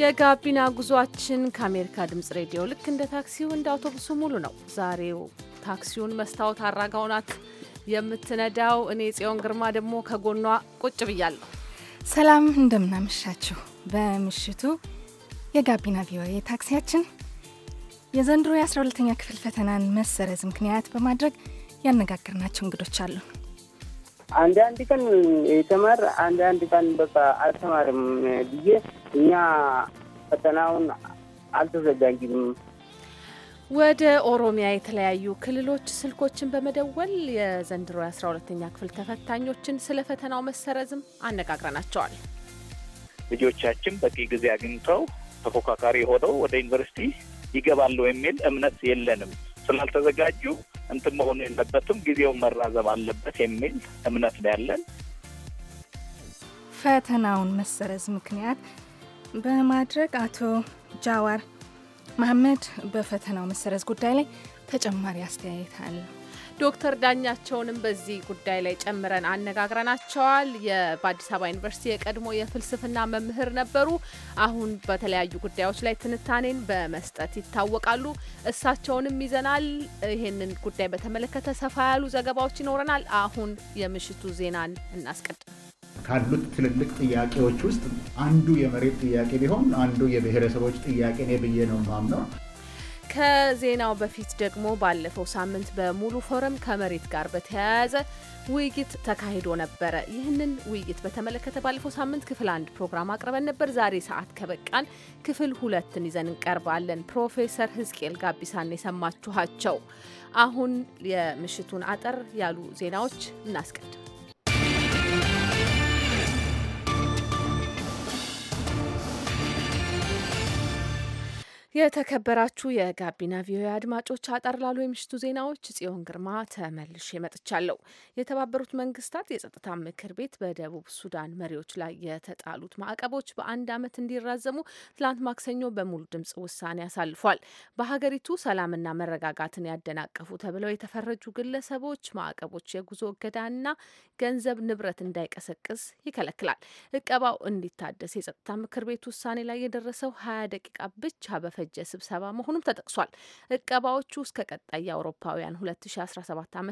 የጋቢና ጉዟችን ከአሜሪካ ድምጽ ሬዲዮ ልክ እንደ ታክሲው እንደ አውቶቡሱ ሙሉ ነው። ዛሬው ታክሲውን መስታወት አራጋው ናት የምትነዳው። እኔ ጽዮን ግርማ ደግሞ ከጎኗ ቁጭ ብያለሁ። ሰላም እንደምናመሻችሁ። በምሽቱ የጋቢና ቪኦኤ ታክሲያችን የዘንድሮ የ12ተኛ ክፍል ፈተናን መሰረዝ ምክንያት በማድረግ ያነጋገርናቸው እንግዶች አሉ። አንዳንድ ቀን የተማር አንዳንድ ቀን በቃ አልተማርም ብዬ እኛ ፈተናውን አልተዘጋጅም። ወደ ኦሮሚያ የተለያዩ ክልሎች ስልኮችን በመደወል የዘንድሮ የአስራ ሁለተኛ ክፍል ተፈታኞችን ስለ ፈተናው መሰረዝም አነጋግረናቸዋል። ልጆቻችን በቂ ጊዜ አግኝተው ተፎካካሪ ሆነው ወደ ዩኒቨርሲቲ ይገባሉ የሚል እምነት የለንም ስላልተዘጋጁ እንትን መሆኑ የለበትም፣ ጊዜው መራዘም አለበት የሚል እምነት ነው ያለን። ፈተናውን መሰረዝ ምክንያት በማድረግ አቶ ጃዋር መሀመድ በፈተናው መሰረዝ ጉዳይ ላይ ተጨማሪ አስተያየት አለ። ዶክተር ዳኛቸውንም በዚህ ጉዳይ ላይ ጨምረን አነጋግረናቸዋል። በአዲስ አበባ ዩኒቨርሲቲ የቀድሞ የፍልስፍና መምህር ነበሩ። አሁን በተለያዩ ጉዳዮች ላይ ትንታኔን በመስጠት ይታወቃሉ። እሳቸውንም ይዘናል። ይህንን ጉዳይ በተመለከተ ሰፋ ያሉ ዘገባዎች ይኖረናል። አሁን የምሽቱ ዜናን እናስቀድም። ካሉት ትልልቅ ጥያቄዎች ውስጥ አንዱ የመሬት ጥያቄ ቢሆን አንዱ የብሔረሰቦች ጥያቄ ነው ብዬ ነው ማምነው። ከዜናው በፊት ደግሞ ባለፈው ሳምንት በሙሉ ፎረም ከመሬት ጋር በተያያዘ ውይይት ተካሂዶ ነበረ። ይህንን ውይይት በተመለከተ ባለፈው ሳምንት ክፍል አንድ ፕሮግራም አቅርበን ነበር። ዛሬ ሰዓት ከበቃን ክፍል ሁለትን ይዘን እንቀርባለን። ፕሮፌሰር ህዝቅኤል ጋቢሳን የሰማችኋቸው። አሁን የምሽቱን አጠር ያሉ ዜናዎች እናስቀድም። የተከበራችሁ የጋቢና ቪኦኤ አድማጮች አጠር ላሉ የምሽቱ ዜናዎች ጽዮን ግርማ ተመልሼ መጥቻለሁ። የተባበሩት መንግስታት የጸጥታ ምክር ቤት በደቡብ ሱዳን መሪዎች ላይ የተጣሉት ማዕቀቦች በአንድ ዓመት እንዲራዘሙ ትላንት ማክሰኞ በሙሉ ድምጽ ውሳኔ አሳልፏል። በሀገሪቱ ሰላምና መረጋጋትን ያደናቀፉ ተብለው የተፈረጁ ግለሰቦች ማዕቀቦች የጉዞ እገዳና ገንዘብ ንብረት እንዳይቀሰቅስ ይከለክላል። እቀባው እንዲታደስ የጸጥታ ምክር ቤት ውሳኔ ላይ የደረሰው ሀያ ደቂቃ ብቻ በፈ የተዘጋጀ ስብሰባ መሆኑም ተጠቅሷል። እቀባዎቹ እስከ ቀጣይ የአውሮፓውያን 2017 ዓ ም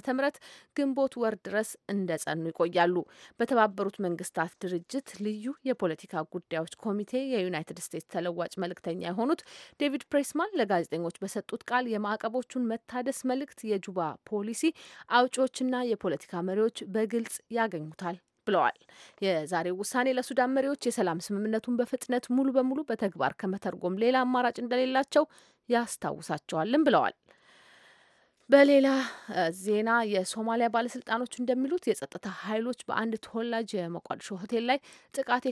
ግንቦት ወር ድረስ እንደጸኑ ይቆያሉ። በተባበሩት መንግስታት ድርጅት ልዩ የፖለቲካ ጉዳዮች ኮሚቴ የዩናይትድ ስቴትስ ተለዋጭ መልእክተኛ የሆኑት ዴቪድ ፕሬስማን ለጋዜጠኞች በሰጡት ቃል የማዕቀቦቹን መታደስ መልእክት የጁባ ፖሊሲ አውጪዎችና የፖለቲካ መሪዎች በግልጽ ያገኙታል ብለዋል። የዛሬው ውሳኔ ለሱዳን መሪዎች የሰላም ስምምነቱን በፍጥነት ሙሉ በሙሉ በተግባር ከመተርጎም ሌላ አማራጭ እንደሌላቸው ያስታውሳቸዋልም ብለዋል። በሌላ ዜና የሶማሊያ ባለስልጣኖች እንደሚሉት የጸጥታ ኃይሎች በአንድ ተወላጅ የሞቃዲሾ ሆቴል ላይ ጥቃት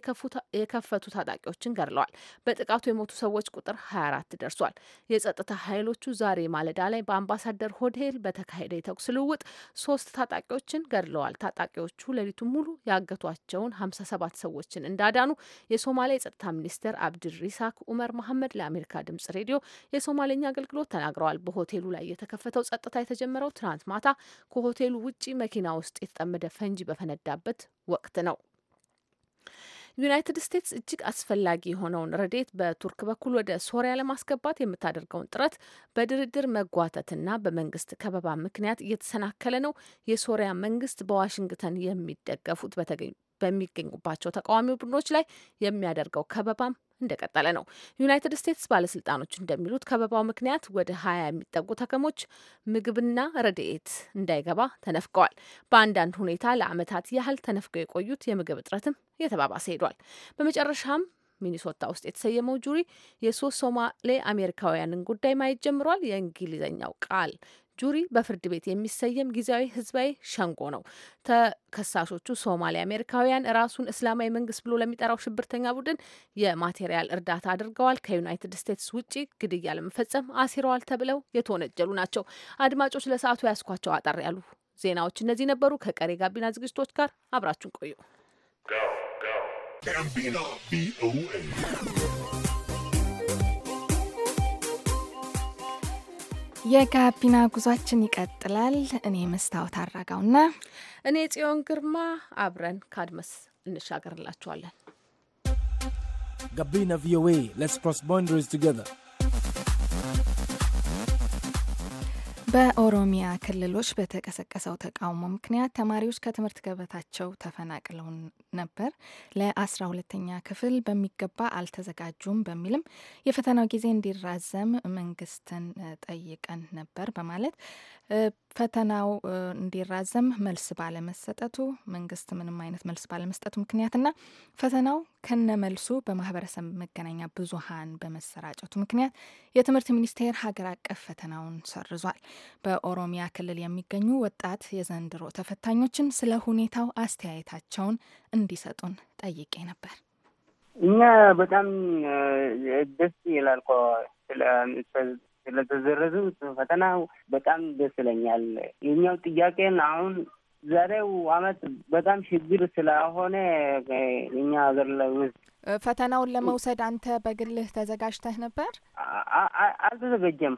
የከፈቱ ታጣቂዎችን ገድለዋል። በጥቃቱ የሞቱ ሰዎች ቁጥር 24 ደርሷል። የጸጥታ ኃይሎቹ ዛሬ ማለዳ ላይ በአምባሳደር ሆቴል በተካሄደ የተኩስ ልውውጥ ሶስት ታጣቂዎችን ገድለዋል። ታጣቂዎቹ ሌሊቱን ሙሉ ያገቷቸውን 57 ሰዎችን እንዳዳኑ የሶማሊያ የጸጥታ ሚኒስትር አብድሪሳክ ኡመር መሐመድ ለአሜሪካ ድምጽ ሬዲዮ የሶማሌኛ አገልግሎት ተናግረዋል። በሆቴሉ ላይ የተከፈተው በቀጥታ የተጀመረው ትናንት ማታ ከሆቴሉ ውጪ መኪና ውስጥ የተጠመደ ፈንጂ በፈነዳበት ወቅት ነው። ዩናይትድ ስቴትስ እጅግ አስፈላጊ የሆነውን ረዴት በቱርክ በኩል ወደ ሶሪያ ለማስገባት የምታደርገውን ጥረት በድርድር መጓተትና በመንግስት ከበባ ምክንያት እየተሰናከለ ነው። የሶሪያ መንግስት በዋሽንግተን የሚደገፉት በሚገኙባቸው ተቃዋሚ ቡድኖች ላይ የሚያደርገው ከበባም እንደቀጠለ ነው። ዩናይትድ ስቴትስ ባለስልጣኖች እንደሚሉት ከበባው ምክንያት ወደ ሀያ የሚጠጉ ተከሞች ምግብና ረድኤት እንዳይገባ ተነፍቀዋል። በአንዳንድ ሁኔታ ለአመታት ያህል ተነፍገው የቆዩት የምግብ እጥረትም እየተባባሰ ሄዷል። በመጨረሻም ሚኒሶታ ውስጥ የተሰየመው ጁሪ የሶስት ሶማሌ አሜሪካውያንን ጉዳይ ማየት ጀምሯል። የእንግሊዝኛው ቃል ጁሪ በፍርድ ቤት የሚሰየም ጊዜያዊ ህዝባዊ ሸንጎ ነው። ተከሳሾቹ ሶማሌ አሜሪካውያን ራሱን እስላማዊ መንግስት ብሎ ለሚጠራው ሽብርተኛ ቡድን የማቴሪያል እርዳታ አድርገዋል፣ ከዩናይትድ ስቴትስ ውጭ ግድያ ለመፈጸም አሲረዋል ተብለው የተወነጀሉ ናቸው። አድማጮች ለሰዓቱ ያስኳቸው አጠር ያሉ ዜናዎች እነዚህ ነበሩ። ከቀሬ ጋቢና ዝግጅቶች ጋር አብራችሁን ቆዩ። የጋቢና ጉዟችን ይቀጥላል። እኔ መስታወት አራጋውና እኔ ጽዮን ግርማ አብረን ካድመስ እንሻገርላችኋለን። ጋቢና ቪኦኤ ሌትስ ክሮስ ቦንደሪስ ቱጌዘር በኦሮሚያ ክልሎች በተቀሰቀሰው ተቃውሞ ምክንያት ተማሪዎች ከትምህርት ገበታቸው ተፈናቅለው ነበር። ለአስራ ሁለተኛ ክፍል በሚገባ አልተዘጋጁም በሚልም የፈተናው ጊዜ እንዲራዘም መንግስትን ጠይቀን ነበር በማለት ፈተናው እንዲራዘም መልስ ባለመሰጠቱ መንግስት ምንም አይነት መልስ ባለመስጠቱ ምክንያትና ፈተናው ከነ መልሱ በማህበረሰብ መገናኛ ብዙሃን በመሰራጨቱ ምክንያት የትምህርት ሚኒስቴር ሀገር አቀፍ ፈተናውን ሰርዟል። በኦሮሚያ ክልል የሚገኙ ወጣት የዘንድሮ ተፈታኞችን ስለ ሁኔታው አስተያየታቸውን እንዲሰጡን ጠይቄ ነበር። እኛ በጣም ደስ ይላል ስለ ስለተዘረዙ ፈተና በጣም ደስ ይለኛል። የኛው ጥያቄን አሁን ዛሬው አመት በጣም ችግር ስለሆነ እኛ ሀገር ውስጥ ፈተናውን ለመውሰድ አንተ በግልህ ተዘጋጅተህ ነበር? አልተዘጋጀም።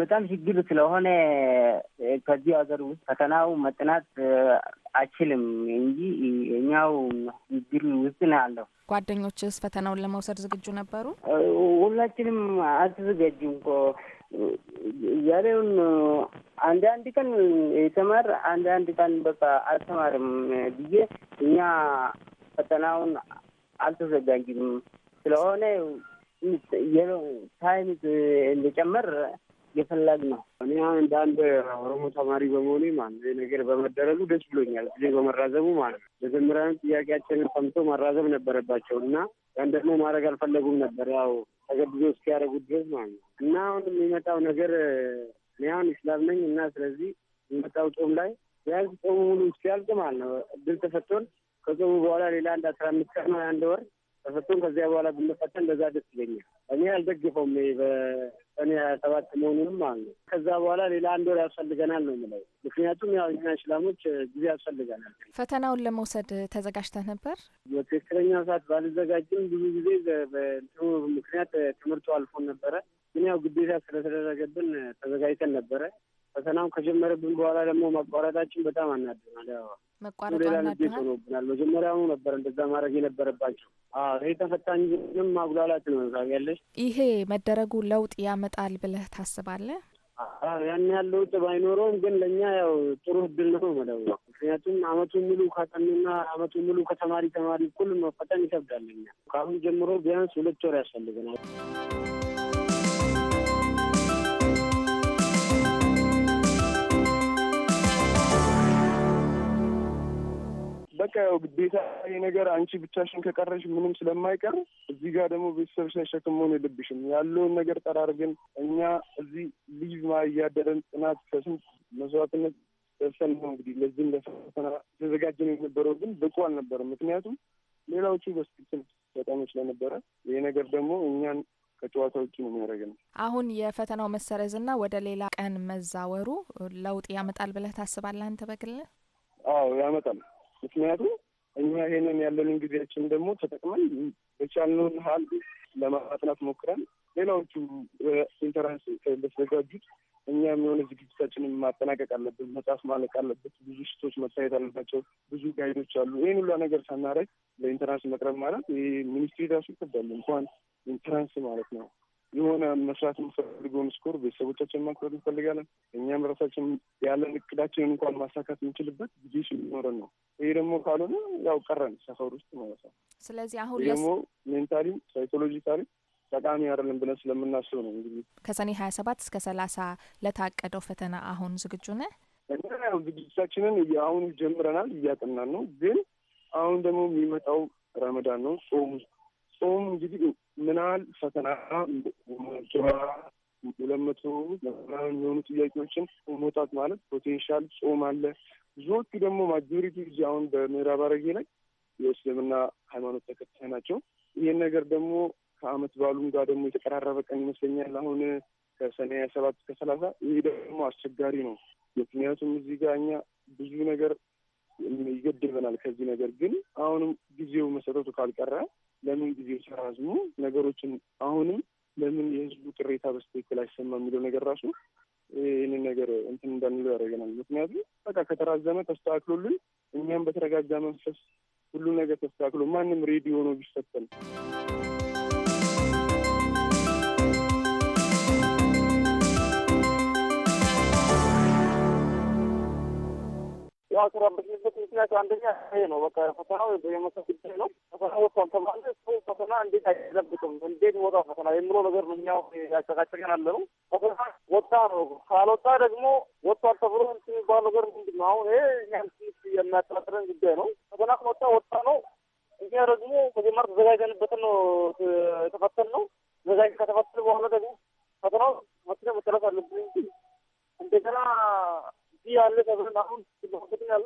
በጣም ችግር ስለሆነ ከዚህ ሀገር ውስጥ ፈተናው መጥናት አችልም እንጂ የኛው ችግር ውስጥ ነው ያለው። ጓደኞችስ ፈተናውን ለመውሰድ ዝግጁ ነበሩ? ሁላችንም አልተዘጋጅም እኮ ዛሬም አንድ አንድ ቀን የተማር አንድ አንድ ቀን በቃ አልተማርም ብዬ እኛ ፈተናውን አልተዘጋጅም ስለሆነ ታይም እንደጨመር የፈላግ ነው። እኔ እንደ አንድ ኦሮሞ ተማሪ በመሆኔ ማለት ነገር በመደረጉ ደስ ብሎኛል። ጊዜ በመራዘሙ ማለት ነው። መጀመሪያን ጥያቄያችንን ሰምቶ ማራዘም ነበረባቸው እና ያን ደግሞ ማድረግ አልፈለጉም ነበር ያው ተገድዞ እስኪያደርጉት ድረስ ማለት ነው። እና አሁን የሚመጣው ነገር እኔ አሁን ኢስላም ነኝ እና ስለዚህ የሚመጣው ጾም ላይ ቢያንስ ጾሙ ሙሉ እስኪያልቅ ማለት ነው እድል ተፈቶን ከጾሙ በኋላ ሌላ አንድ አስራ አምስት ቀን አንድ ወር ተፈቶን ከዚያ በኋላ ብንፈተን እንደዛ ደስ ይለኛል። እኔ አልደግፈውም በሰኔ ሀያ ሰባት መሆኑንም ማለት ነው። ከዛ በኋላ ሌላ አንድ ወር ያስፈልገናል ነው የምለው። ምክንያቱም ያው እኛ እስላሞች ጊዜ ያስፈልገናል። ፈተናውን ለመውሰድ ተዘጋጅተህ ነበር? በትክክለኛው ሰዓት ባልዘጋጅም ብዙ ጊዜ ምክንያት ትምህርቱ አልፎን ነበረ ግን ያው ግዴታ ስለተደረገብን ተዘጋጅተን ነበረ። ፈተናውን ከጀመረብን በኋላ ደግሞ ማቋረጣችን በጣም አናድናል። ያው ሌላ ንዴት ሆኖብናል። መጀመሪያውኑ ነበረ እንደዛ ማድረግ የነበረባቸው። ይሄ ተፈታኝንም ማጉላላት ነው። ታውቂያለሽ፣ ይሄ መደረጉ ለውጥ ያመጣል ብለህ ታስባለህ? ያን ያህል ለውጥ ባይኖረውም ግን ለእኛ ያው ጥሩ እድል ነው መደቡ። ምክንያቱም አመቱ ሙሉ ካጠኑና አመቱ ሙሉ ከተማሪ ተማሪ እኩል መፈጠን ይከብዳል። እኛ ከአሁን ጀምሮ ቢያንስ ሁለት ወር ያስፈልገናል። በቃ ያው ግዴታ ይሄ ነገር አንቺ ብቻሽን ከቀረሽ ምንም ስለማይቀር እዚህ ጋር ደግሞ ቤተሰብ ሸክም መሆን የለብሽም። ያለውን ነገር ጠራርገን እኛ እዚህ ልጅ ማ እያደረን ጥናት ከስንት መስዋዕትነት ደርሰን ነው እንግዲህ ለዚህም ለፈተና ተዘጋጀን የነበረው ግን ብቁ አልነበረም። ምክንያቱም ሌላዎቹ በስክትል በጣም ስለነበረ ይሄ ነገር ደግሞ እኛን ከጨዋታ ውጭ ነው ነው። አሁን የፈተናው መሰረዝና ወደ ሌላ ቀን መዛወሩ ለውጥ ያመጣል ብለህ ታስባለህ አንተ በግል? አዎ ያመጣል። ምክንያቱም እኛ ይሄንን ያለንን ጊዜያችን ደግሞ ተጠቅመን የቻልነውን ሀል ለማጥናት ሞክረን ሌላዎቹ ኢንተራንስ በተዘጋጁት እኛ የሆነ ዝግጅታችንን ማጠናቀቅ አለብን። መጽሐፍ ማለቅ አለበት። ብዙ ሽቶች መታየት አለባቸው። ብዙ ጋይዶች አሉ። ይህን ሁላ ነገር ሳናረግ ለኢንተራንስ መቅረብ ማለት ይህ ሚኒስትሪ ራሱ ይከብዳል፣ እንኳን ኢንተራንስ ማለት ነው። የሆነ መስራት የምፈልገውን ስኮር ቤተሰቦቻችን ማክበር እንፈልጋለን። እኛም ራሳችን ያለን እቅዳችንን እንኳን ማሳካት የምንችልበት ጊዜ ሲኖረን ነው። ይህ ደግሞ ካልሆነ ያው ቀረን ሰፈር ውስጥ ማለት ነው። ስለዚህ አሁን ደግሞ ሜንታሊም ሳይኮሎጂካሊም ጠቃሚ አይደለም ብለን ስለምናስብ ነው እንግዲህ ከሰኔ ሀያ ሰባት እስከ ሰላሳ ለታቀደው ፈተና አሁን ዝግጁ ነ እና ያው ዝግጅታችንን አሁን ጀምረናል፣ እያጠናን ነው። ግን አሁን ደግሞ የሚመጣው ረመዳን ነው ጾም ጾም እንግዲህ ምናል ፈተና ሱራ ሁለት መቶ የሚሆኑ ጥያቄዎችን መውጣት ማለት ፖቴንሻል ጾም አለ። ብዙዎቹ ደግሞ ማጆሪቲ እዚ አሁን በምዕራብ አረጌ ላይ የእስልምና ሃይማኖት ተከታይ ናቸው። ይህን ነገር ደግሞ ከአመት በዓሉም ጋር ደግሞ የተቀራረበ ቀን ይመስለኛል አሁን ከሰኔ ሀያ ሰባት እስከ ሰላሳ ይህ ደግሞ አስቸጋሪ ነው። ምክንያቱም እዚህ ጋር እኛ ብዙ ነገር ይገድበናል። ከዚህ ነገር ግን አሁንም ጊዜው መሰጠቱ ካልቀረ ለምን ጊዜ ሲራዝሙ ነገሮችን አሁንም ለምን የህዝቡ ቅሬታ በስትክክል አይሰማ የሚለው ነገር ራሱ ይህንን ነገር እንትን እንዳንለው ያደርገናል። ምክንያቱም በቃ ከተራዘመ ተስተካክሎልን እኛም በተረጋጋ መንፈስ ሁሉ ነገር ተስተካክሎ ማንም ሬዲዮ ነው ቢሰተን ያቀረበችበት ምክንያት አንደኛ ይሄ ነው። በቃ ፈተናው የመውሰድ ጉዳይ ነው። ፈተና ወጥቷል ተባለ። እሱ ፈተና እንዴት አይለብቅም እንዴት ወጣ ፈተና የምለው ነገር ነው። እኛው ያጨቃጨቀን አለ ነው። ፈተና ወጣ ነው። ካልወጣ ደግሞ ወጥቷል ተብሎ የሚባል ነገር ምንድን ነው? አሁን ይሄ እኛም ትንሽ የሚያጠራጥረን ጉዳይ ነው። ፈተና ወጣ ወጣ ነው። እኛ ደግሞ መጀመር ተዘጋጀንበትን ነው የተፈተን ነው። ተዘጋጅ ከተፈተን በኋላ ደግሞ ፈተናው መኪና መጨረስ አለብን እንጂ እንደገና እዚህ ያለ ተብለን አሁን ስበትን ያለ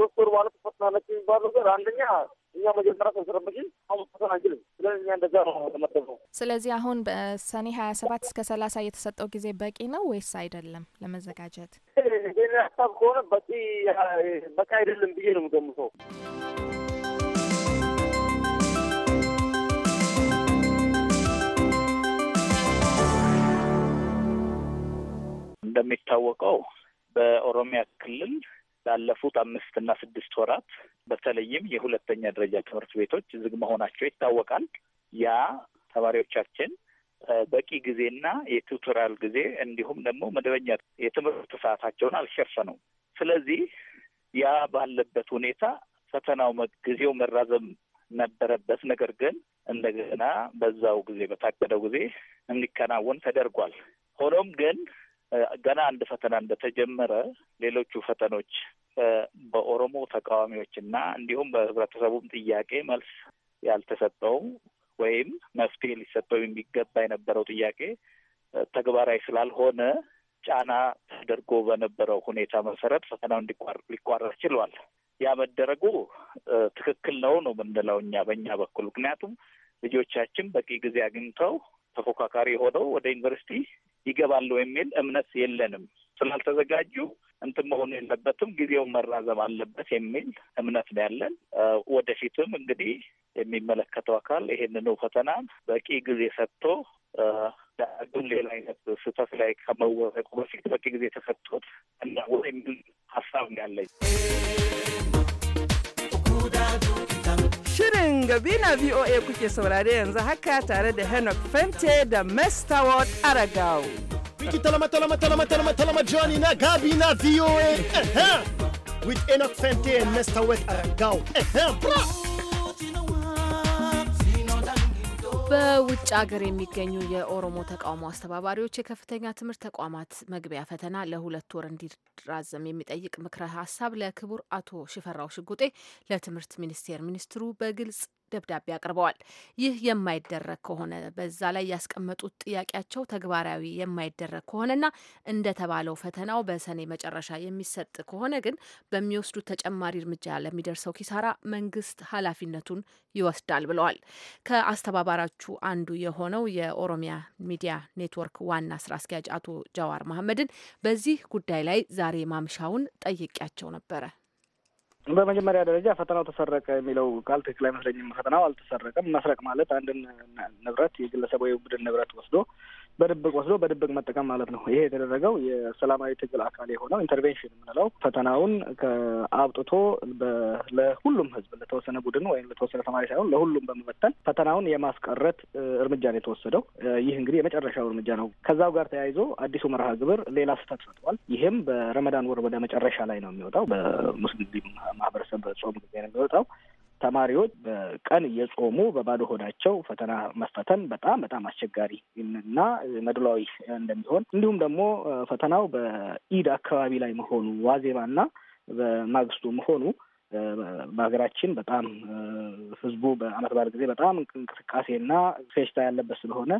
ዶክተር ማለት ፈትናለች የሚባለው ነገር አንደኛ እኛ መጀመሪያ ተሰረመሽን አሁን ፈተና አንችልም ብለን እኛ እንደዛ ነው ተመደብ ስለዚህ አሁን በሰኔ ሀያ ሰባት እስከ ሰላሳ የተሰጠው ጊዜ በቂ ነው ወይስ አይደለም ለመዘጋጀት? ይህን ሀሳብ ከሆነ በቂ በቂ አይደለም ብዬ ነው የምገምተው። እንደሚታወቀው በኦሮሚያ ክልል ላለፉት አምስት እና ስድስት ወራት በተለይም የሁለተኛ ደረጃ ትምህርት ቤቶች ዝግ መሆናቸው ይታወቃል። ያ ተማሪዎቻችን በቂ ጊዜና የቱቶሪያል ጊዜ እንዲሁም ደግሞ መደበኛ የትምህርት ሰዓታቸውን አልሸፈኑም። ስለዚህ ያ ባለበት ሁኔታ ፈተናው ጊዜው መራዘም ነበረበት። ነገር ግን እንደገና በዛው ጊዜ በታቀደው ጊዜ እንዲከናወን ተደርጓል። ሆኖም ግን ገና አንድ ፈተና እንደተጀመረ ሌሎቹ ፈተኖች በኦሮሞ ተቃዋሚዎች እና እንዲሁም በህብረተሰቡም ጥያቄ መልስ ያልተሰጠው ወይም መፍትሄ ሊሰጠው የሚገባ የነበረው ጥያቄ ተግባራዊ ስላልሆነ ጫና ተደርጎ በነበረው ሁኔታ መሰረት ፈተናው ሊቋረጥ ችሏል። ያ መደረጉ ትክክል ነው ነው የምንለው እኛ በእኛ በኩል ምክንያቱም ልጆቻችን በቂ ጊዜ አግኝተው ተፎካካሪ ሆነው ወደ ዩኒቨርሲቲ ይገባሉ የሚል እምነት የለንም። ስላልተዘጋጁ እንትን መሆኑ የለበትም ጊዜው መራዘም አለበት የሚል እምነት ነው ያለን። ወደፊትም እንግዲህ የሚመለከተው አካል ይሄንኑ ፈተና በቂ ጊዜ ሰጥቶ ዳግም ሌላ አይነት ስህተት ላይ ከመወረቁ በፊት በቂ ጊዜ ተሰጥቶት እናወ የሚል ሀሳብ ነው ያለኝ። Shirin Gabina VOA kuke saurare yanzu haka tare da henok Fente da Mestaward Aragao. Wiki talama talama talama talama talama Johnny na na VOA. With Henok Fente and Mestaward Aragao. በውጭ ሀገር የሚገኙ የኦሮሞ ተቃውሞ አስተባባሪዎች የከፍተኛ ትምህርት ተቋማት መግቢያ ፈተና ለሁለት ወር እንዲራዘም የሚጠይቅ ምክረ ሀሳብ ለክቡር አቶ ሽፈራው ሽጉጤ ለትምህርት ሚኒስቴር ሚኒስትሩ በግልጽ ደብዳቤ አቅርበዋል። ይህ የማይደረግ ከሆነ በዛ ላይ ያስቀመጡት ጥያቄያቸው ተግባራዊ የማይደረግ ከሆነና እንደተባለው ፈተናው በሰኔ መጨረሻ የሚሰጥ ከሆነ ግን በሚወስዱት ተጨማሪ እርምጃ ለሚደርሰው ኪሳራ መንግስት ኃላፊነቱን ይወስዳል ብለዋል። ከአስተባባሪዎቹ አንዱ የሆነው የኦሮሚያ ሚዲያ ኔትወርክ ዋና ስራ አስኪያጅ አቶ ጃዋር መሐመድን በዚህ ጉዳይ ላይ ዛሬ ማምሻውን ጠይቄያቸው ነበረ። በመጀመሪያ ደረጃ ፈተናው ተሰረቀ የሚለው ቃል ትክክል አይመስለኝም። ፈተናው አልተሰረቀም። መስረቅ ማለት አንድን ንብረት የግለሰብ ወይ ቡድን ንብረት ወስዶ በድብቅ ወስዶ በድብቅ መጠቀም ማለት ነው። ይሄ የተደረገው የሰላማዊ ትግል አካል የሆነው ኢንተርቬንሽን የምንለው ፈተናውን ከአብጥቶ ለሁሉም ህዝብ ለተወሰነ ቡድን ወይም ለተወሰነ ተማሪ ሳይሆን ለሁሉም በመበተን ፈተናውን የማስቀረት እርምጃ ነው የተወሰደው። ይህ እንግዲህ የመጨረሻው እርምጃ ነው። ከዛው ጋር ተያይዞ አዲሱ መርሃ ግብር ሌላ ስህተት ፈጥሯል። ይህም በረመዳን ወር ወደ መጨረሻ ላይ ነው የሚወጣው። በሙስሊም ማህበረሰብ ጾም ጊዜ ነው የሚወጣው። ተማሪዎች በቀን እየጾሙ በባዶ ሆዳቸው ፈተና መፈተን በጣም በጣም አስቸጋሪ እና መድሏዊ እንደሚሆን እንዲሁም ደግሞ ፈተናው በኢድ አካባቢ ላይ መሆኑ ዋዜማና በማግስቱ መሆኑ በሀገራችን በጣም ህዝቡ በአመት በዓል ጊዜ በጣም እንቅስቃሴና ፌሽታ ያለበት ስለሆነ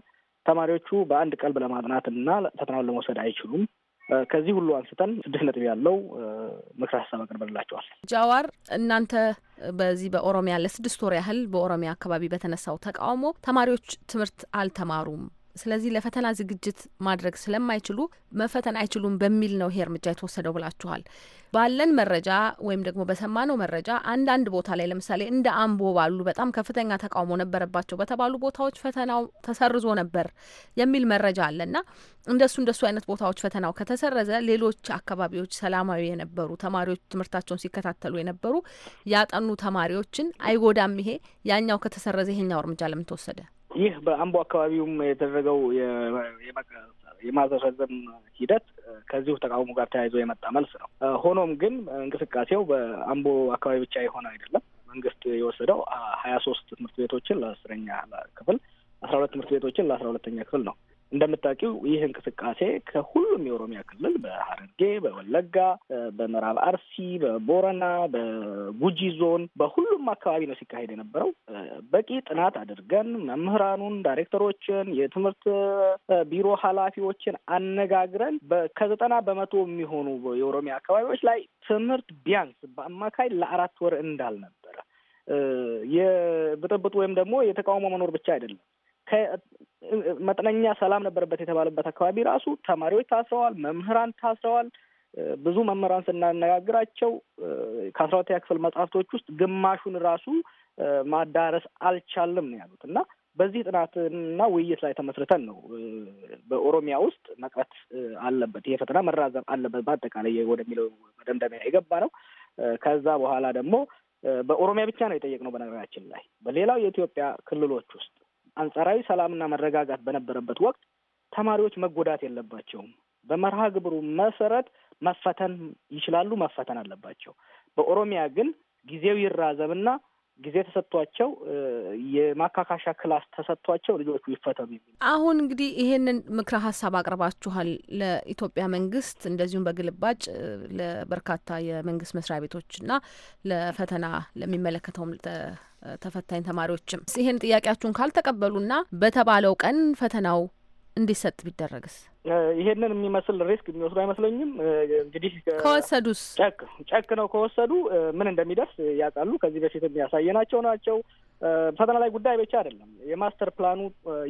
ተማሪዎቹ በአንድ ቀልብ ለማጥናት እና ፈተናውን ለመውሰድ አይችሉም። ከዚህ ሁሉ አንስተን ስድስት ነጥብ ያለው ምክር ሀሳብ አቅርበንላቸዋል። ጃዋር እናንተ በዚህ በኦሮሚያ ለስድስት ወር ያህል በኦሮሚያ አካባቢ በተነሳው ተቃውሞ ተማሪዎች ትምህርት አልተማሩም ስለዚህ ለፈተና ዝግጅት ማድረግ ስለማይችሉ መፈተን አይችሉም በሚል ነው ይሄ እርምጃ የተወሰደው ብላችኋል። ባለን መረጃ ወይም ደግሞ በሰማነው መረጃ አንዳንድ ቦታ ላይ ለምሳሌ እንደ አምቦ ባሉ በጣም ከፍተኛ ተቃውሞ ነበረባቸው በተባሉ ቦታዎች ፈተናው ተሰርዞ ነበር የሚል መረጃ አለና እንደሱ እንደሱ አይነት ቦታዎች ፈተናው ከተሰረዘ ሌሎች አካባቢዎች ሰላማዊ የነበሩ ተማሪዎች ትምህርታቸውን ሲከታተሉ የነበሩ ያጠኑ ተማሪዎችን አይጎዳም ይሄ ያኛው ከተሰረዘ ይሄኛው እርምጃ ለምን ተወሰደ? ይህ በአምቦ አካባቢውም የተደረገው የማዘረዘም ሂደት ከዚሁ ተቃውሞ ጋር ተያይዞ የመጣ መልስ ነው። ሆኖም ግን እንቅስቃሴው በአምቦ አካባቢ ብቻ የሆነ አይደለም። መንግስት የወሰደው ሀያ ሶስት ትምህርት ቤቶችን ለአስረኛ ክፍል አስራ ሁለት ትምህርት ቤቶችን ለአስራ ሁለተኛ ክፍል ነው እንደምታውቂው ይህ እንቅስቃሴ ከሁሉም የኦሮሚያ ክልል በሀረርጌ፣ በወለጋ፣ በምዕራብ አርሲ፣ በቦረና፣ በጉጂ ዞን በሁሉም አካባቢ ነው ሲካሄድ የነበረው። በቂ ጥናት አድርገን መምህራኑን፣ ዳይሬክተሮችን፣ የትምህርት ቢሮ ኃላፊዎችን አነጋግረን ከዘጠና በመቶ የሚሆኑ የኦሮሚያ አካባቢዎች ላይ ትምህርት ቢያንስ በአማካይ ለአራት ወር እንዳልነበረ የብጥብጥ ወይም ደግሞ የተቃውሞ መኖር ብቻ አይደለም መጠነኛ ሰላም ነበረበት የተባለበት አካባቢ ራሱ ተማሪዎች ታስረዋል፣ መምህራን ታስረዋል። ብዙ መምህራን ስናነጋግራቸው ከአስራ ሁለተኛ ክፍል መጽሐፍቶች ውስጥ ግማሹን ራሱ ማዳረስ አልቻልም ነው ያሉት እና በዚህ ጥናትና ውይይት ላይ ተመስርተን ነው በኦሮሚያ ውስጥ መቅረት አለበት ይሄ ፈተና መራዘም አለበት በአጠቃላይ ወደሚለው መደምደሚያ የገባ ነው። ከዛ በኋላ ደግሞ በኦሮሚያ ብቻ ነው የጠየቅነው። በነገራችን ላይ በሌላው የኢትዮጵያ ክልሎች ውስጥ አንጻራዊ ሰላምና መረጋጋት በነበረበት ወቅት ተማሪዎች መጎዳት የለባቸውም። በመርሃ ግብሩ መሰረት መፈተን ይችላሉ፣ መፈተን አለባቸው። በኦሮሚያ ግን ጊዜው ይራዘምና ጊዜ ተሰጥቷቸው የማካካሻ ክላስ ተሰጥቷቸው ልጆቹ ይፈተኑ የሚል አሁን እንግዲህ ይሄንን ምክረ ሀሳብ አቅርባችኋል ለኢትዮጵያ መንግስት፣ እንደዚሁም በግልባጭ ለበርካታ የመንግስት መስሪያ ቤቶችና ለፈተና ለሚመለከተውም ተፈታኝ ተማሪዎችም ይህን ጥያቄያችሁን ካልተቀበሉና በተባለው ቀን ፈተናው እንዲሰጥ ቢደረግስ? ይሄንን የሚመስል ሪስክ የሚወስዱ አይመስለኝም። እንግዲህ ከወሰዱስ ጨክ ጨክ ነው። ከወሰዱ ምን እንደሚደርስ ያውቃሉ። ከዚህ በፊት ያሳየናቸው ናቸው። ፈተና ላይ ጉዳይ ብቻ አይደለም። የማስተር ፕላኑ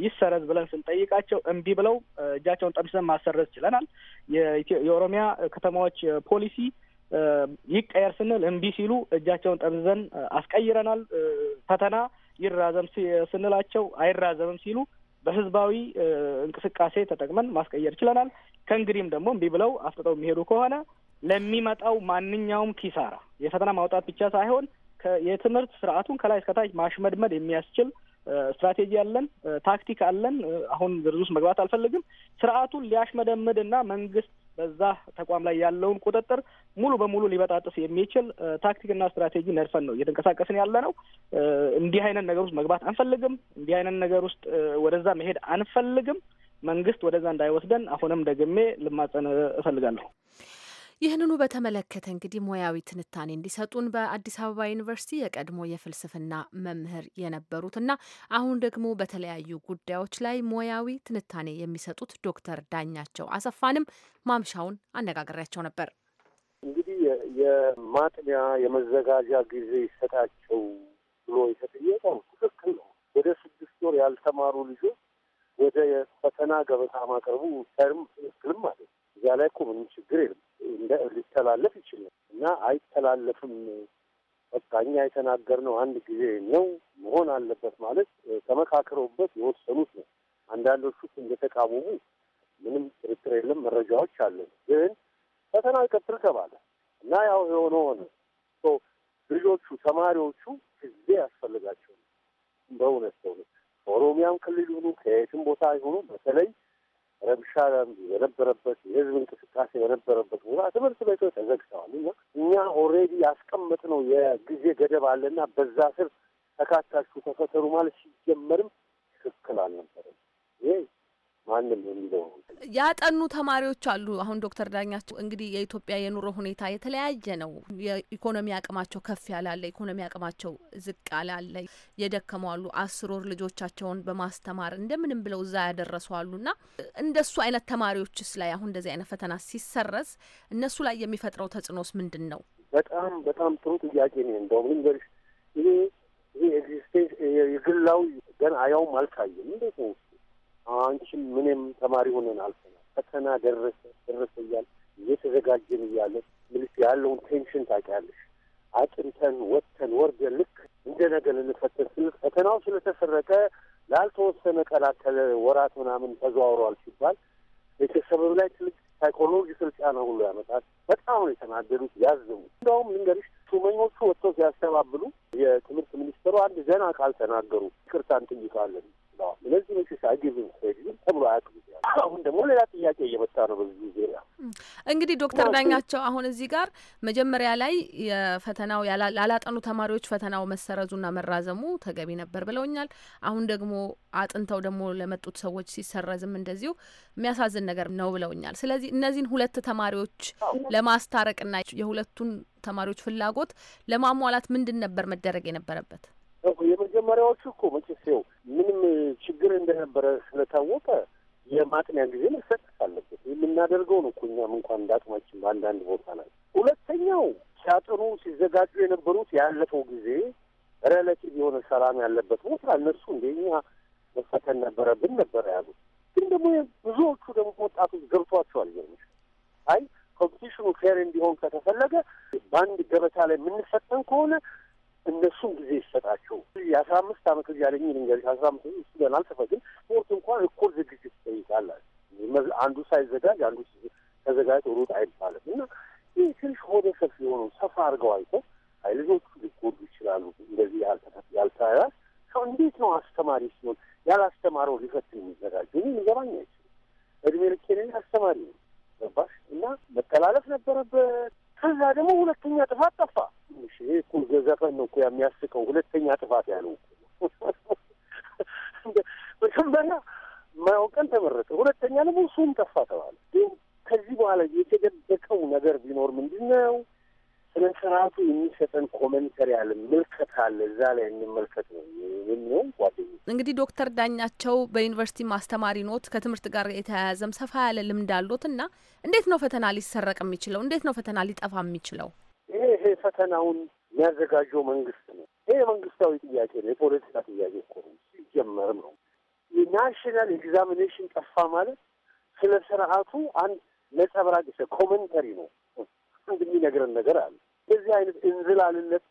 ይሰረዝ ብለን ስንጠይቃቸው እምቢ ብለው እጃቸውን ጠምሰን ማሰረዝ ችለናል። የኦሮሚያ ከተማዎች ፖሊሲ ይቀየር ስንል እምቢ ሲሉ እጃቸውን ጠምዘን አስቀይረናል። ፈተና ይራዘም ስንላቸው አይራዘምም ሲሉ በህዝባዊ እንቅስቃሴ ተጠቅመን ማስቀየር ችለናል። ከእንግዲህም ደግሞ እምቢ ብለው አፍጥጠው የሚሄዱ ከሆነ ለሚመጣው ማንኛውም ኪሳራ የፈተና ማውጣት ብቻ ሳይሆን የትምህርት ስርዓቱን ከላይ እስከታች ማሽመድመድ የሚያስችል ስትራቴጂ አለን፣ ታክቲክ አለን። አሁን ዝርዝር ውስጥ መግባት አልፈልግም። ስርዓቱን ሊያሽመደምድ እና መንግስት በዛ ተቋም ላይ ያለውን ቁጥጥር ሙሉ በሙሉ ሊበጣጥስ የሚችል ታክቲክና ስትራቴጂ ነድፈን ነው እየተንቀሳቀስን ያለ ነው። እንዲህ አይነት ነገር ውስጥ መግባት አንፈልግም። እንዲህ አይነት ነገር ውስጥ ወደዛ መሄድ አንፈልግም። መንግስት ወደዛ እንዳይወስደን አሁንም ደግሜ ልማጸን እፈልጋለሁ። ይህንኑ በተመለከተ እንግዲህ ሙያዊ ትንታኔ እንዲሰጡን በአዲስ አበባ ዩኒቨርሲቲ የቀድሞ የፍልስፍና መምህር እና አሁን ደግሞ በተለያዩ ጉዳዮች ላይ ሙያዊ ትንታኔ የሚሰጡት ዶክተር ዳኛቸው አሰፋንም ማምሻውን አነጋግሬያቸው ነበር። እንግዲህ የማጥኛ የመዘጋጃ ጊዜ ይሰጣቸው ብሎ የተጠየቀው ትክክል ነው። ወደ ስድስት ወር ያልተማሩ ልጆች ወደ ፈተና ገበታ ማቅረቡ ተርም ትክክልም ማለት ነው። እዚያ ላይ እኮ ምንም ችግር የለም። ሊተላለፍ ይችላል እና አይተላለፍም። በቃ እኛ የተናገርነው አንድ ጊዜ ነው መሆን አለበት ማለት ተመካክረውበት የወሰኑት ነው። አንዳንዶቹ እንደተቃወሙ ምንም ጥርጥር የለም፣ መረጃዎች አለ ግን ፈተና ይቀጥል ተባለ እና ያው የሆነ ሆነ። ልጆቹ ተማሪዎቹ ጊዜ ያስፈልጋቸው በእውነት በእውነት ከኦሮሚያም ክልል ይሁኑ ከየትም ቦታ ይሁኑ በተለይ ረብሻ የነበረበት የህዝብ እንቅስቃሴ የነበረበት ቦታ ትምህርት ቤቶች ተዘግተዋል እና እኛ ያስቀመጥ ያስቀመጥነው የጊዜ ገደብ አለና በዛ ስር ተካታችሁ ተፈተሩ ማለት ሲጀመርም ትክክል አልነበረም። ይህ ማንም የሚለው ያጠኑ ተማሪዎች አሉ። አሁን ዶክተር ዳኛቸው እንግዲህ የኢትዮጵያ የኑሮ ሁኔታ የተለያየ ነው። የኢኮኖሚ አቅማቸው ከፍ ያላለ፣ ኢኮኖሚ አቅማቸው ዝቅ ያላለ የደከሙ አሉ። አስር ወር ልጆቻቸውን በማስተማር እንደምንም ብለው እዛ ያደረሱ አሉና እንደሱ አይነት ተማሪዎችስ ላይ አሁን እንደዚህ አይነት ፈተና ሲሰረዝ እነሱ ላይ የሚፈጥረው ተጽዕኖስ ምንድን ነው? በጣም በጣም ጥሩ ጥያቄ ነው። እንደውም ልንገርሽ ይሄ ይሄ ኤግዚስቴንስ የግላዊ ገና አያውም አልታየም። እንዴት ነው አንቺም ምንም ተማሪ ሆነን አልፈናል። ፈተና ደረሰ ደረሰ እያል እየተዘጋጀን እያለ ምልሽ ያለውን ቴንሽን ታውቂያለሽ። አጥንተን ወጥተን ወርደን ልክ እንደ ነገ ልንፈተን ስል ፈተናው ስለተሰረቀ ላልተወሰነ ቀናት ወራት ምናምን ተዘዋውሯል ሲባል ቤተሰብም ላይ ትልቅ ሳይኮሎጂ ጫና ሁሉ ያመጣል። በጣም ነው የተናደዱት ያዘሙ። እንደውም ልንገርሽ ሹመኞቹ ወጥተው ሲያስተባብሉ የትምህርት ሚኒስትሩ አንድ ዘና ቃል ተናገሩ። ይቅርታ እንጠይቃለን ነው። ስለዚህ እንስሳ ግብ ተብሎ አያውቅም። አሁን ደግሞ ሌላ ጥያቄ እየመጣ ነው። በዚህ ጊዜ እንግዲህ ዶክተር ዳኛቸው አሁን እዚህ ጋር መጀመሪያ ላይ የፈተናው ላላጠኑ ተማሪዎች ፈተናው መሰረዙና መራዘሙ ተገቢ ነበር ብለውኛል። አሁን ደግሞ አጥንተው ደግሞ ለመጡት ሰዎች ሲሰረዝም እንደዚሁ የሚያሳዝን ነገር ነው ብለውኛል። ስለዚህ እነዚህን ሁለት ተማሪዎች ለማስታረቅና የሁለቱን ተማሪዎች ፍላጎት ለማሟላት ምንድን ነበር መደረግ የነበረበት? የመጀመሪያዎቹ እኮ መጭሴው ምንም ችግር እንደነበረ ስለታወቀ የማጥንያ ጊዜ መሰጠት አለበት። የምናደርገው ነው እኮ እኛም እንኳን እንዳቅማችን በአንዳንድ ቦታ ላይ። ሁለተኛው ሲያጥኑ ሲዘጋጁ የነበሩት ያለፈው ጊዜ ሬላቲቭ የሆነ ሰላም ያለበት ቦታ እነሱ እንደ እኛ መፈተን ነበረብን ነበረ ያሉት። ግን ደግሞ ብዙዎቹ ደግሞ ወጣቶች ገብቷቸዋል። ይገርምሽ አይ ኮምፒቲሽኑ ፌር እንዲሆን ከተፈለገ በአንድ ገበታ ላይ የምንፈተን ከሆነ እነሱም ጊዜ ይሰጣቸው። የአስራ አምስት አመት ልጅ ያለኝ ልንገርሽ፣ አስራ አምስት እሱ ገና አልተፈ፣ ስፖርት እንኳን እኩል ዝግጅት ይጠይቃላል። አንዱ ሳይዘጋጅ አንዱ ተዘጋጅ ሩጥ አይባልም እና ይህ ትንሽ ሆደ ሰፊ የሆነው ሰፋ አድርገው አይተው አይ ልጆቹ ሊጎዱ ይችላሉ። እንደዚህ ያልተፈት ሰው እንዴት ነው አስተማሪ ሲሆን ያላስተማረው ሊፈትን የሚዘጋጅ እኔ ሊገባኝ አይችልም። እድሜ ልኬን አስተማሪ ነው ገባሽ? እና መተላለፍ ነበረበት። ከዛ ደግሞ ሁለተኛ ጥፋት ጠፋ። ይሄ እኮ ዘፈን ነው እኮ የሚያስቀው። ሁለተኛ ጥፋት ያለው መጀመሪያ ማያውቀን ተመረጠ፣ ሁለተኛ ደግሞ እሱም ጠፋ ተባለ። ግን ከዚህ በኋላ የተደበቀው ነገር ቢኖር ምንድን ነው? ስለ ስርዓቱ የሚሰጠን ኮመንተሪ አለ፣ ምልከት አለ። እዛ ላይ እንመልከት ነው የሚሆን። ጓደኞች እንግዲህ ዶክተር ዳኛቸው በዩኒቨርሲቲ ማስተማሪ ኖት፣ ከትምህርት ጋር የተያያዘም ሰፋ ያለ ልምድ አሎት እና እንዴት ነው ፈተና ሊሰረቅ የሚችለው? እንዴት ነው ፈተና ሊጠፋ የሚችለው? ይሄ ይሄ ፈተናውን የሚያዘጋጀው መንግስት ነው። ይሄ የመንግስታዊ ጥያቄ ነው፣ የፖለቲካ ጥያቄ እኮ ነው ሲጀመርም ነው። የናሽናል ኤግዛሚኔሽን ጠፋ ማለት ስለ ስርዓቱ አንድ ነጸብራቅ ሰ ኮመንተሪ ነው፣ አንድ የሚነግረን ነገር አለ። በዚህ አይነት እንዝላልነት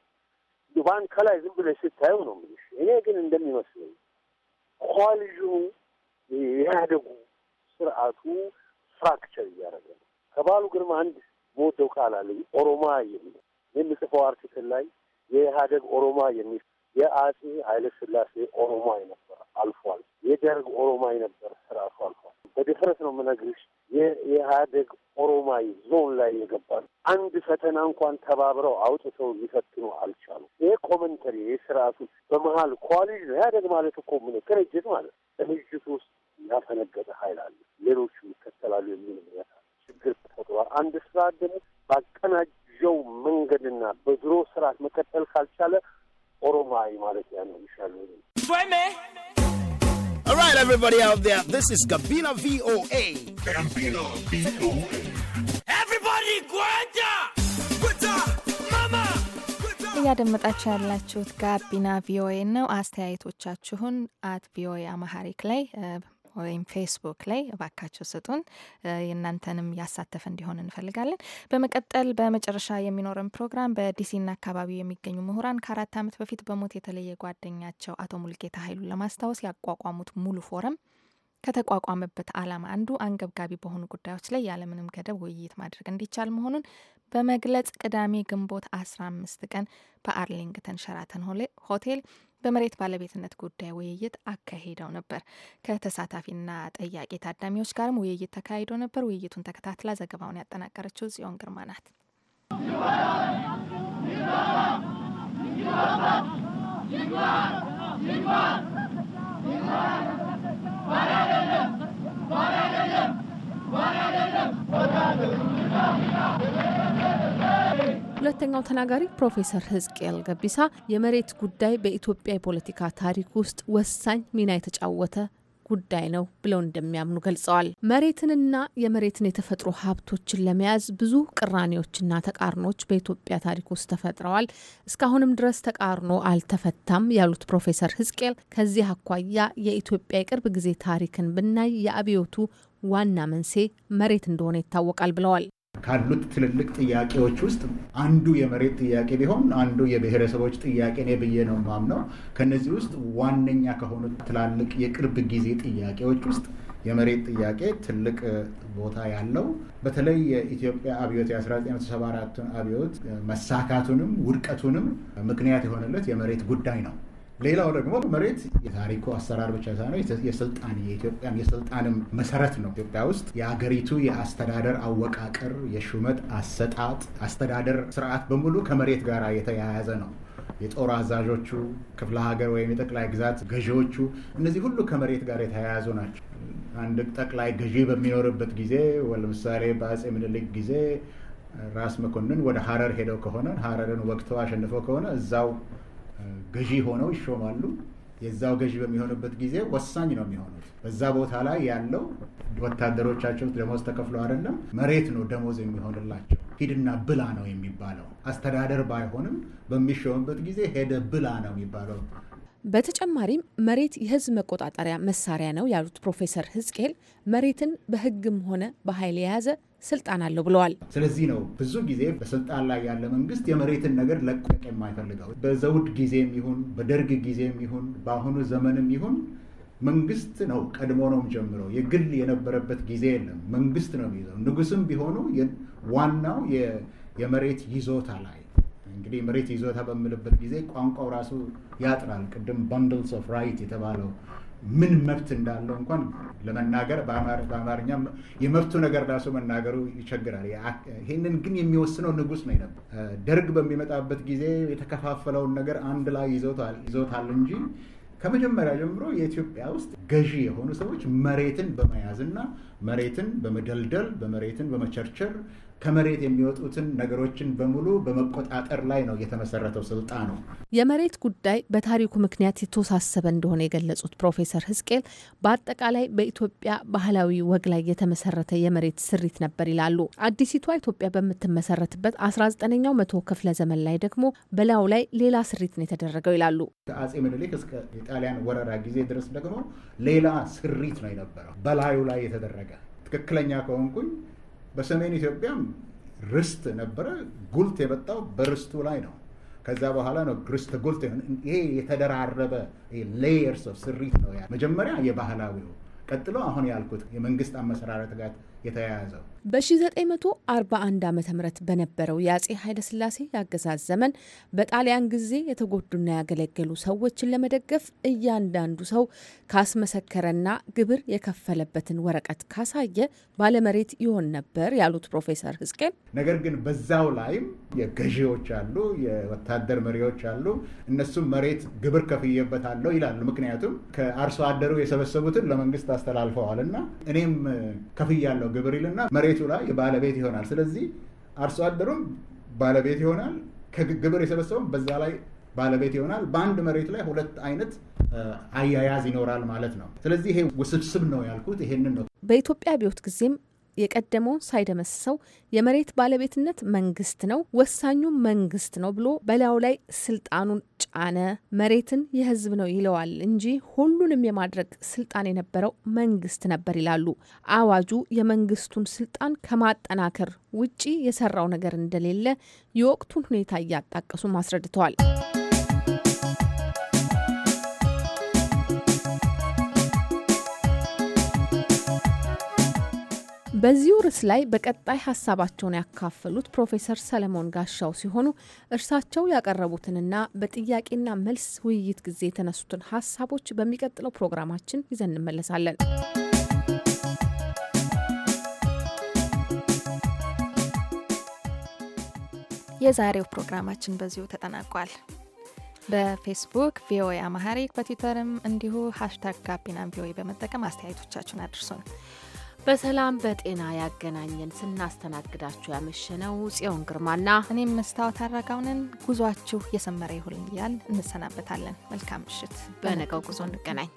ዱባን ከላይ ዝም ብለሽ ስታየው ነው የምልሽ። እኔ ግን እንደሚመስለኝ ኳልዥኑ የኢህአደጉ ስርዓቱ ፍራክቸር እያደረገ ነው። ከባሉ ግርማ አንድ መወደው ቃል አለ ኦሮማ የሚለው የሚጽፈው አርቲክል ላይ የኢህአደግ ኦሮማ የሚል የአጼ ኃይለ ስላሴ ኦሮማ ነበር፣ አልፏል። የደርግ ኦሮማ ነበር፣ ስርአቱ አልፏል። በድፍረት ነው የምነግርሽ። የኢህአደግ ኦሮማይ ዞን ላይ የገባ አንድ ፈተና እንኳን ተባብረው አውጥተው ሊፈትኑ አልቻሉ። ይሄ ኮመንተሪ ይህ ስርአቱ በመሀል ኳሊጅ ነው። ኢህአደግ ማለት እኮ ምን ቅንጅት ማለት ቅንጅት ውስጥ ያፈነገጠ ሀይል አለ፣ ሌሎቹ ይከተላሉ የሚል ምክንያት ችግር ተፈጥሯል። አንድ ስራ ደግሞ ባቀናጅ በተያዘው መንገድና በድሮ ስርዓት መቀጠል ካልቻለ ኦሮማይ ማለት ያ ነው ይሻሉ። All right, everybody out there, this is Gabina VOA. Gabina VOA. Everybody, Guanta! እያደመጣችሁ ያላችሁት ጋቢና ቪኦኤ ነው። አስተያየቶቻችሁን አት ቪኦኤ አማሐሪክ ላይ ወይም ፌስቡክ ላይ እባካቸው ስጡን። የእናንተንም ያሳተፈ እንዲሆን እንፈልጋለን። በመቀጠል በመጨረሻ የሚኖረን ፕሮግራም በዲሲና አካባቢው የሚገኙ ምሁራን ከአራት ዓመት በፊት በሞት የተለየ ጓደኛቸው አቶ ሙልጌታ ኃይሉን ለማስታወስ ያቋቋሙት ሙሉ ፎረም ከተቋቋመበት ዓላማ አንዱ አንገብጋቢ በሆኑ ጉዳዮች ላይ ያለምንም ገደብ ውይይት ማድረግ እንዲቻል መሆኑን በመግለጽ ቅዳሜ ግንቦት 15 ቀን በአርሊንግተን ሸራተን ሆቴል በመሬት ባለቤትነት ጉዳይ ውይይት አካሂደው ነበር። ከተሳታፊና ጠያቂ ታዳሚዎች ጋርም ውይይት ተካሂዶ ነበር። ውይይቱን ተከታትላ ዘገባውን ያጠናቀረችው ጽዮን ግርማ ናት። ሁለተኛው ተናጋሪ ፕሮፌሰር ህዝቅኤል ገቢሳ የመሬት ጉዳይ በኢትዮጵያ የፖለቲካ ታሪክ ውስጥ ወሳኝ ሚና የተጫወተ ጉዳይ ነው ብለው እንደሚያምኑ ገልጸዋል። መሬትንና የመሬትን የተፈጥሮ ሀብቶችን ለመያዝ ብዙ ቅራኔዎችና ተቃርኖች በኢትዮጵያ ታሪክ ውስጥ ተፈጥረዋል። እስካሁንም ድረስ ተቃርኖ አልተፈታም ያሉት ፕሮፌሰር ህዝቅኤል ከዚህ አኳያ የኢትዮጵያ የቅርብ ጊዜ ታሪክን ብናይ የአብዮቱ ዋና መንስኤ መሬት እንደሆነ ይታወቃል ብለዋል። ካሉት ትልልቅ ጥያቄዎች ውስጥ አንዱ የመሬት ጥያቄ ቢሆን አንዱ የብሔረሰቦች ጥያቄ ነው ብዬ ነው ማምነው። ከነዚህ ውስጥ ዋነኛ ከሆኑት ትላልቅ የቅርብ ጊዜ ጥያቄዎች ውስጥ የመሬት ጥያቄ ትልቅ ቦታ ያለው በተለይ የኢትዮጵያ አብዮት የ1974ቱን አብዮት መሳካቱንም ውድቀቱንም ምክንያት የሆነለት የመሬት ጉዳይ ነው። ሌላው ደግሞ መሬት የታሪኩ አሰራር ብቻ ሳይሆን የስልጣን የኢትዮጵያን የስልጣንም መሰረት ነው። ኢትዮጵያ ውስጥ የሀገሪቱ የአስተዳደር አወቃቀር፣ የሹመት አሰጣጥ፣ አስተዳደር ስርዓት በሙሉ ከመሬት ጋር የተያያዘ ነው። የጦር አዛዦቹ፣ ክፍለ ሀገር ወይም የጠቅላይ ግዛት ገዢዎቹ፣ እነዚህ ሁሉ ከመሬት ጋር የተያያዙ ናቸው። አንድ ጠቅላይ ገዢ በሚኖርበት ጊዜ ለምሳሌ በአጼ ምኒልክ ጊዜ ራስ መኮንን ወደ ሀረር ሄደው ከሆነ ሀረርን ወቅተው አሸንፈው ከሆነ እዛው ገዢ ሆነው ይሾማሉ። የዛው ገዢ በሚሆንበት ጊዜ ወሳኝ ነው የሚሆኑት። በዛ ቦታ ላይ ያለው ወታደሮቻቸው ደሞዝ ተከፍሎ አይደለም፣ መሬት ነው ደሞዝ የሚሆንላቸው። ሂድና ብላ ነው የሚባለው። አስተዳደር ባይሆንም በሚሾምበት ጊዜ ሄደ ብላ ነው የሚባለው። በተጨማሪም መሬት የህዝብ መቆጣጠሪያ መሳሪያ ነው ያሉት ፕሮፌሰር ህዝቅኤል መሬትን በህግም ሆነ በኃይል የያዘ ስልጣን አለው ብለዋል። ስለዚህ ነው ብዙ ጊዜ በስልጣን ላይ ያለ መንግስት የመሬትን ነገር ለቀቅ የማይፈልገው። በዘውድ ጊዜም ይሁን በደርግ ጊዜም ይሁን በአሁኑ ዘመንም ይሁን መንግስት ነው ቀድሞ ነው ጀምሮ የግል የነበረበት ጊዜ የለም። መንግስት ነው የሚይዘው። ንጉስም ቢሆኑ ዋናው የመሬት ይዞታ ላይ እንግዲህ መሬት ይዞታ በምልበት ጊዜ ቋንቋው ራሱ ያጥራል። ቅድም ባንድልስ ኦፍ ራይት የተባለው ምን መብት እንዳለው እንኳን ለመናገር በአማርኛ የመብቱ ነገር ራሱ መናገሩ ይቸግራል። ይህንን ግን የሚወስነው ንጉስ ነው ነበር። ደርግ በሚመጣበት ጊዜ የተከፋፈለውን ነገር አንድ ላይ ይዞታል እንጂ ከመጀመሪያ ጀምሮ የኢትዮጵያ ውስጥ ገዢ የሆኑ ሰዎች መሬትን በመያዝና መሬትን በመደልደል በመሬትን በመቸርቸር ከመሬት የሚወጡትን ነገሮችን በሙሉ በመቆጣጠር ላይ ነው የተመሰረተው ስልጣኑ። የመሬት ጉዳይ በታሪኩ ምክንያት የተወሳሰበ እንደሆነ የገለጹት ፕሮፌሰር ህዝቅኤል በአጠቃላይ በኢትዮጵያ ባህላዊ ወግ ላይ የተመሰረተ የመሬት ስሪት ነበር ይላሉ። አዲሲቷ ኢትዮጵያ በምትመሰረትበት 19ኛው መቶ ክፍለ ዘመን ላይ ደግሞ በላዩ ላይ ሌላ ስሪት ነው የተደረገው ይላሉ። ከአጼ ምኒልክ እስከ የጣሊያን ወረራ ጊዜ ድረስ ደግሞ ሌላ ስሪት ነው የነበረው በላዩ ላይ የተደረገ ትክክለኛ ከሆንኩኝ በሰሜን ኢትዮጵያም ርስት ነበረ። ጉልት የመጣው በርስቱ ላይ ነው። ከዛ በኋላ ነው ርስት ጉልት። ይሄ የተደራረበ ሌየርስ ኦፍ ስሪት ነው። መጀመሪያ የባህላዊው፣ ቀጥሎ አሁን ያልኩት የመንግስት አመሰራረት ጋር የተያያዘው በ1941 ዓ ም በነበረው የአጼ ኃይለስላሴ የአገዛዝ ዘመን በጣሊያን ጊዜ የተጎዱና ያገለገሉ ሰዎችን ለመደገፍ እያንዳንዱ ሰው ካስመሰከረና ግብር የከፈለበትን ወረቀት ካሳየ ባለመሬት ይሆን ነበር ያሉት ፕሮፌሰር ህዝቅኤል፣ ነገር ግን በዛው ላይም የገዢዎች አሉ፣ የወታደር መሪዎች አሉ። እነሱም መሬት ግብር ከፍዬበታለሁ ይላሉ። ምክንያቱም ከአርሶ አደሩ የሰበሰቡትን ለመንግስት አስተላልፈዋል እና እኔም ከፍያለሁ ግብር ይልና መሬት መሬቱ ላይ ባለቤት ይሆናል። ስለዚህ አርሶ አደሩም ባለቤት ይሆናል፣ ከግብር የሰበሰበውም በዛ ላይ ባለቤት ይሆናል። በአንድ መሬት ላይ ሁለት አይነት አያያዝ ይኖራል ማለት ነው። ስለዚህ ይሄ ውስብስብ ነው ያልኩት ይሄንን ነው። በኢትዮጵያ አብዮት ጊዜም የቀደመውን ሳይደመስሰው የመሬት ባለቤትነት መንግስት ነው፣ ወሳኙ መንግስት ነው ብሎ በላዩ ላይ ስልጣኑን ጫነ። መሬትን የህዝብ ነው ይለዋል እንጂ ሁሉንም የማድረግ ስልጣን የነበረው መንግስት ነበር ይላሉ። አዋጁ የመንግስቱን ስልጣን ከማጠናከር ውጪ የሰራው ነገር እንደሌለ የወቅቱን ሁኔታ እያጣቀሱ አስረድተዋል። በዚሁ ርዕስ ላይ በቀጣይ ሀሳባቸውን ያካፈሉት ፕሮፌሰር ሰለሞን ጋሻው ሲሆኑ እርሳቸው ያቀረቡትንና በጥያቄና መልስ ውይይት ጊዜ የተነሱትን ሀሳቦች በሚቀጥለው ፕሮግራማችን ይዘን እንመለሳለን። የዛሬው ፕሮግራማችን በዚሁ ተጠናቋል። በፌስቡክ ቪኦኤ አማሐሪክ በትዊተርም እንዲሁ ሀሽታግ ጋቢናም ቪኦኤ በመጠቀም አስተያየቶቻችሁን አድርሱን። በሰላም በጤና ያገናኘን። ስናስተናግዳችሁ ያመሸነው ጽዮን ግርማና እኔም መስታወት አረጋውንን። ጉዟችሁ የሰመረ ይሁን እያል እንሰናበታለን። መልካም ምሽት። በነገው ጉዞ እንገናኝ።